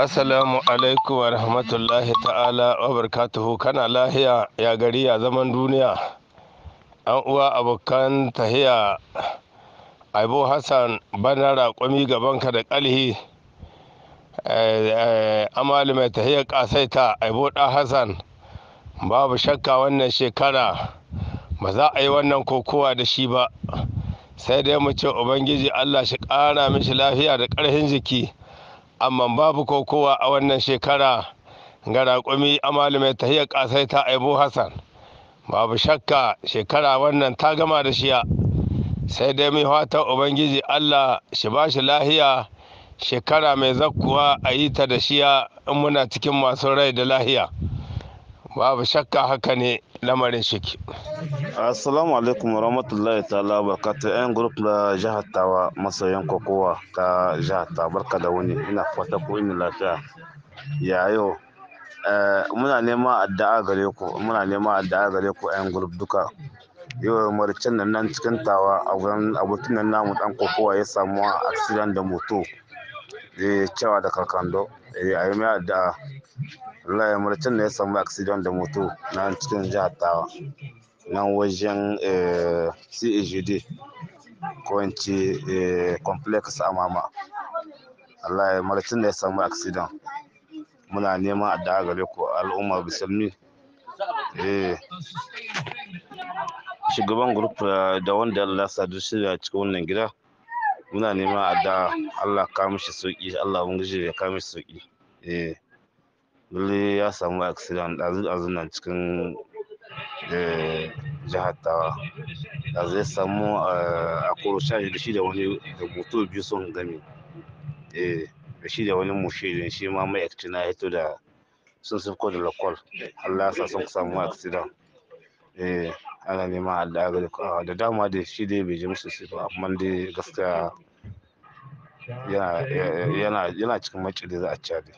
Asalamu alaikum wa rahmatullahi ta'ala wa barkatuhu kana lahiya ya gari ya zaman duniya an uwa abokan tahiya abu hassan bana raƙwami ka da ƙalhi eh, eh, amali mai tahiyar ƙasaita aibo ɗan hassan babu shakka wannan shekara ba za a yi wannan kokowa da shi ba sai dai mu ce ubangiji allah shi ƙara mishi lafiya da ƙarfin jiki amma babu kokowa a wannan shekara ga raƙumi malamai ta hiyar ƙasai ta aibu hassan babu shakka shekara wannan ta gama da shiya sai dai mai hata ubangiji allah shi ba shi lahiya shekara mai zakkuwa a yi ta da shiya in muna cikin masu rai da lahiya babu shakka haka ne lamarin shiki assalamu alaikum rahmatullahi ta'ala barkatu yan grup na jihar tawa masoyan kokowa ta jihar ta barka da wani ina fata ko ina lafiya ya eh, muna neman addu'a gare ku muna neman addu'a gare ku yan grup duka yau maricin nan nan cikin tawa a wurin abokin nan namu dan kokowa ya samu accident da moto eh cewa da kakando eh, a yi mai da Allah ya murtin da ya samu accident da moto na cikin jihar Tawa nan wajen eh, CAGD ko in ce eh, complex amama Allah ya murtin da ya samu accident muna neman addu'a gare ku al'umma bisalmi shugaban group da wanda Allah ya sadu shi a cikin wannan gida muna neman addu'a Allah ka mishi sauki Allah ubangiji ya kawo mishi sauki eh lalle ya samu accident dazu dazu nan cikin eh, jihar tawa dazu ya samu eh, a kurusha da shi da wani da moto biyu sun gami eh da shi da wani mushirin shi ma mai accident ya hito da sun ko da lakwal Allah ya sa sun samu accident eh ana neman Allah ya gari da dama da shi dai bai ji musu su ba amma dai gaskiya yana cikin da za a ci dai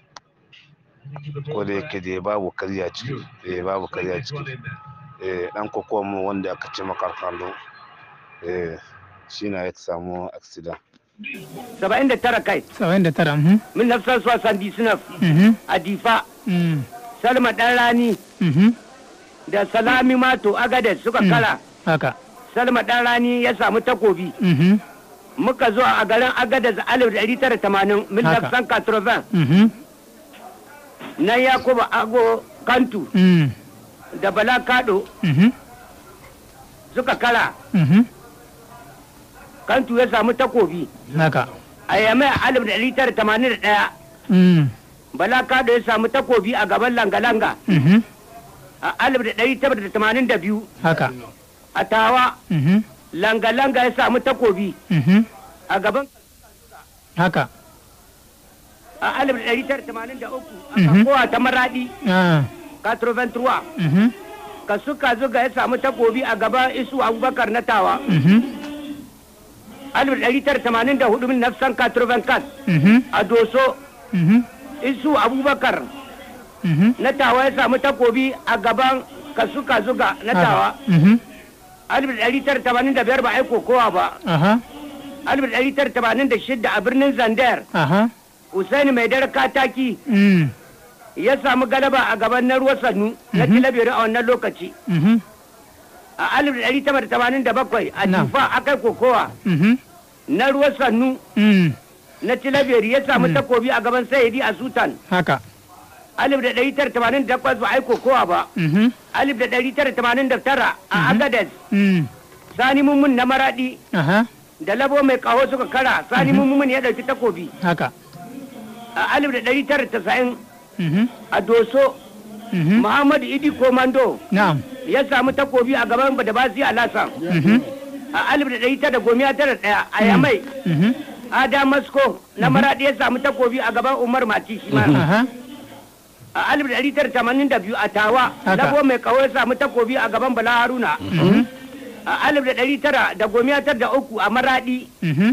ko da yake dai babu karya ciki eh babu karya ciki eh dan kokowa mu wanda aka ce makarkando eh shi na ya samu accident saba'in da tara kai saba'in da tara min mhm. nafsan suwa sandi suna mhm. difa mm. salma dan rani mhm. da salami mato agades suka mm, kala haka salma dan rani ya samu takobi mm-hmm. muka zo a garin agades alif da tara tamanin millar san katrovan mm-hmm. na yakuba ago kantu mm. da bala kado mm-hmm. suka kala. kantu ya samu takobi haka a yamai alif da tara tamanin da daya mm. bala kado ya samu takobi a gaban langa-langa a alif da tamanin da biyu haka a tawa mhm. langa-langa ya samu takobi mhm. a gaban haka a alif da ɗari tamanin da uku a mhm. kowa ta Maradi katroventura ah. ka suka zuga ya samu takobi a gaban isu abubakar na tawa alif tamanin da hudu min nafsan katrovenkat a doso isu abubakar na tawa ya samu takobi a gaban kasu kazuga na tawa mhm. alif ɗari tara tamanin da biyar ba aiko kowa ba alif ɗari tara tamanin da shidda a birnin zandar usaini mai dare kataki mm. ya samu galaba a gaban na ruwa sannu na mhm. tilabirin a wannan lokaci mhm. a alif ɗari tara tamanin da bakwai a tufa akai kokowa na ruwa sannu mm. na tilabiyar ya samu mm. takobi a gaban sayidi a sutan haka alif da ɗari tara tamanin da takwas ba aiko kowa ba mhm. alif da ɗari tara tamanin da tara a mhm. agadez mm. sani mummun na maraɗi da labo mai kaho suka kara sani mhm. mummun ya ɗauki takobi haka a alif da ɗari tara tasa'in a doso muhammadu idi komando ya samu takobi a gaban da ba a lasan a alif da ɗari tara gomiya tara ɗaya a yamai Adamasko na maraɗi ya samu takobi a gaban umar mati shi ma a alif dari tara tamanin da biyu a tawa labo mai kawai samu takobi a gaban bala haruna mm-hmm. a alif da dari tara da gomiya tar da uku a maradi mm-hmm.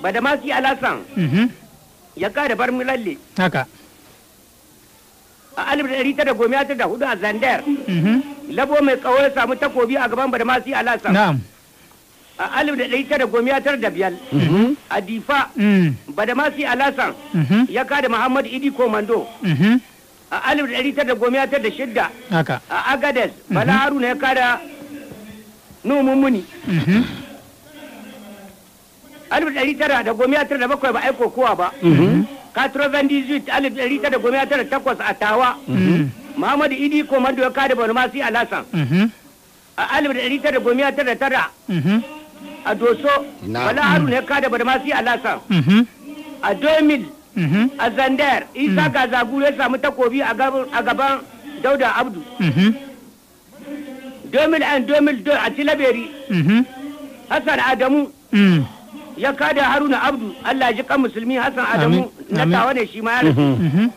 badamasi alasan mm-hmm. ya kada bar milalle haka a alif da dari tara gomiya tar da hudu a Zander, labo mai kawai samu takobi a gaban badamasi alasan a alif da ɗari tara gomi tara da biyar a difa mm. badamasi alasan ya kada muhammadu idi komando a alif da ɗari tara goma tara da shidda a agades bala haruna ya kada numun muni alif da ɗari tara da goma tara da bakwai ba aiko kowa ba mhm. katro zuit alif da ɗari tara da goma tara takwas a tawa mhm. muhammadu idi komando ya kada bani masu alasan mhm. a alif da ɗari tara da goma tara da tara a doso bala haruna ya kada bani masu alasan a 2000 a zandar isa mm. gazagu ya samu takobi a gaban dauda abdu mm-hmm. domin 2002 a tilaberi mm-hmm. hassan adamu mm. ya kada haruna abdu allah ji kan musulmi hassan adamu na tawa ne shi ma mm-hmm.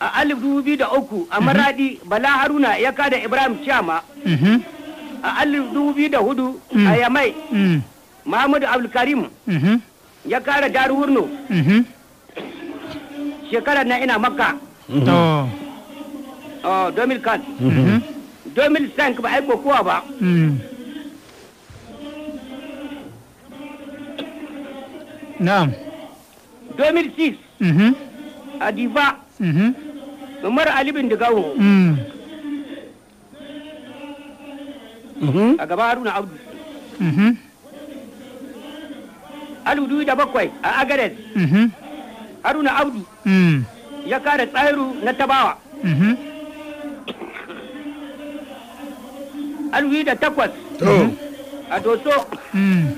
a alif dubu biyu da uku a maradi bala haruna ya kada ibrahim chama a alif dubu biyu da hudu mm. a yamai mahmudu abdulkarim ya kara daru hurno shekarar na ina makka oh 2000 kan 2005 ba ai kokowa ba mm. na'am 2006 a diva umar ali bin digawo mm. mhm. a gaba haruna abdu mhm. alu dubu da bakwai a agares mhm. haruna abdu mm. ya kare tsairu na tabawa mm-hmm. alwi da takwas mm-hmm. a doso mm.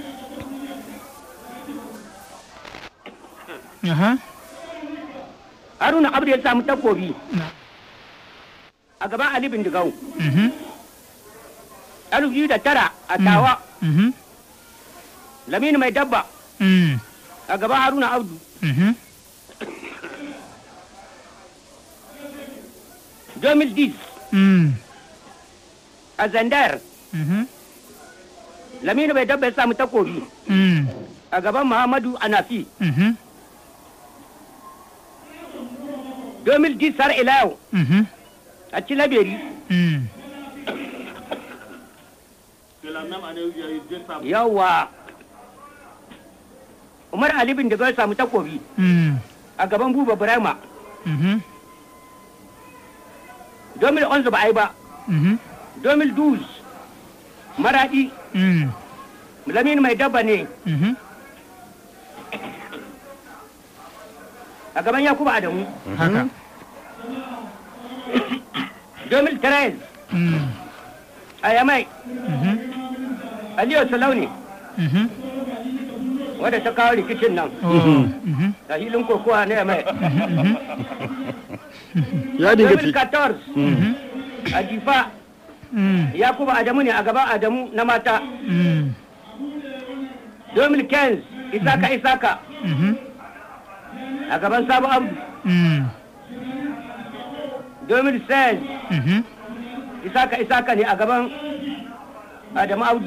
uh-huh. haruna abdu ya samu takobi a gaban ali bindigau mm-hmm. alwi da tara a tawa mm. lamini mai dabba a gaban haruna abdu 2010 mm. a zandar mm -hmm. Mm-hmm. laminu bai dabba ya samu takobi mm. a gaban muhammadu anafi -hmm. 2010 sar ila yau -hmm. a ci laberi. cilaberi hmm. yawa umar alibin da zai samu takobi hmm. a gaban buba burama -hmm. 2011 ba a yi ba 2012 mhm. maraɗi mhm. lamin mai dabba ne mhm. a gaban ya kuma adamu 2013 a yamai aliyu salauni wadda ta kawo rikicin nan da oh. hilin kokowa na yamai ya dinga fi 2014 a difa ya kuma adamu ne a gaban adamu na mata 2015 mm. isaka mm-hmm. isaka mm-hmm. a gaban sabu abu 2016 isaka isaka ne a gaban adamu abu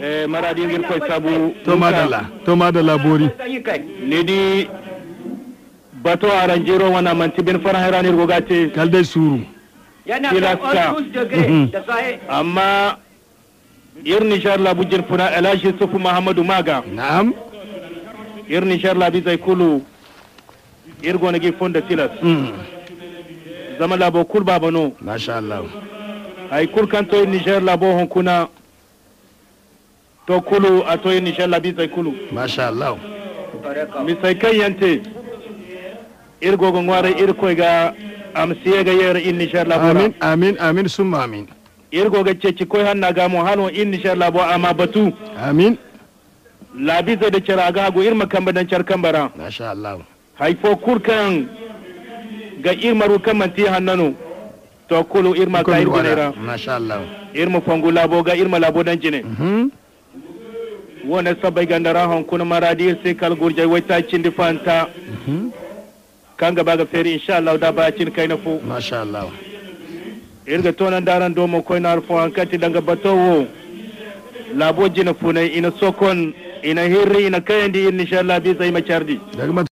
Eh, maradi ngel koye saabu to madalla to madalla boori leydi bato aran jero wona manti ɓen fara heranirgo gate kalde suru. suuru silasta mhm. amma irni charla labu funa elaji sufu mahamadu maga naam irni charla zai kulu irgonegi da silas mhm. zama labo kul babano machallah hay kul kanto irni charla bo honkuna to kulu a to yin nishan labi sai kulu masha Allah misai kan yante ir gogon ware ir koi ga amsiye ga yar in nishan labo amin amin amin summa amin ir goga ceci koi hanna ga mu hano in nishan labo amma batu amin labi zai da cara ga go ir makamba dan car kambara masha Allah haifo kurkan ga kan manti hannanu to kulu irma ka irginaira masha Allah irma labo ga irma labo dan jine mm -hmm. wona sabay gandara hon kuna maradi sai kal gurjay waita cindi fanta mhm. kanga baga feri inshallah da ba cin kai na fu masha Allah irga tona daran do mo koy na arfo an kati danga batowo labo jina funai ina sokon ina hirri ina kayandi inshallah bi zai machardi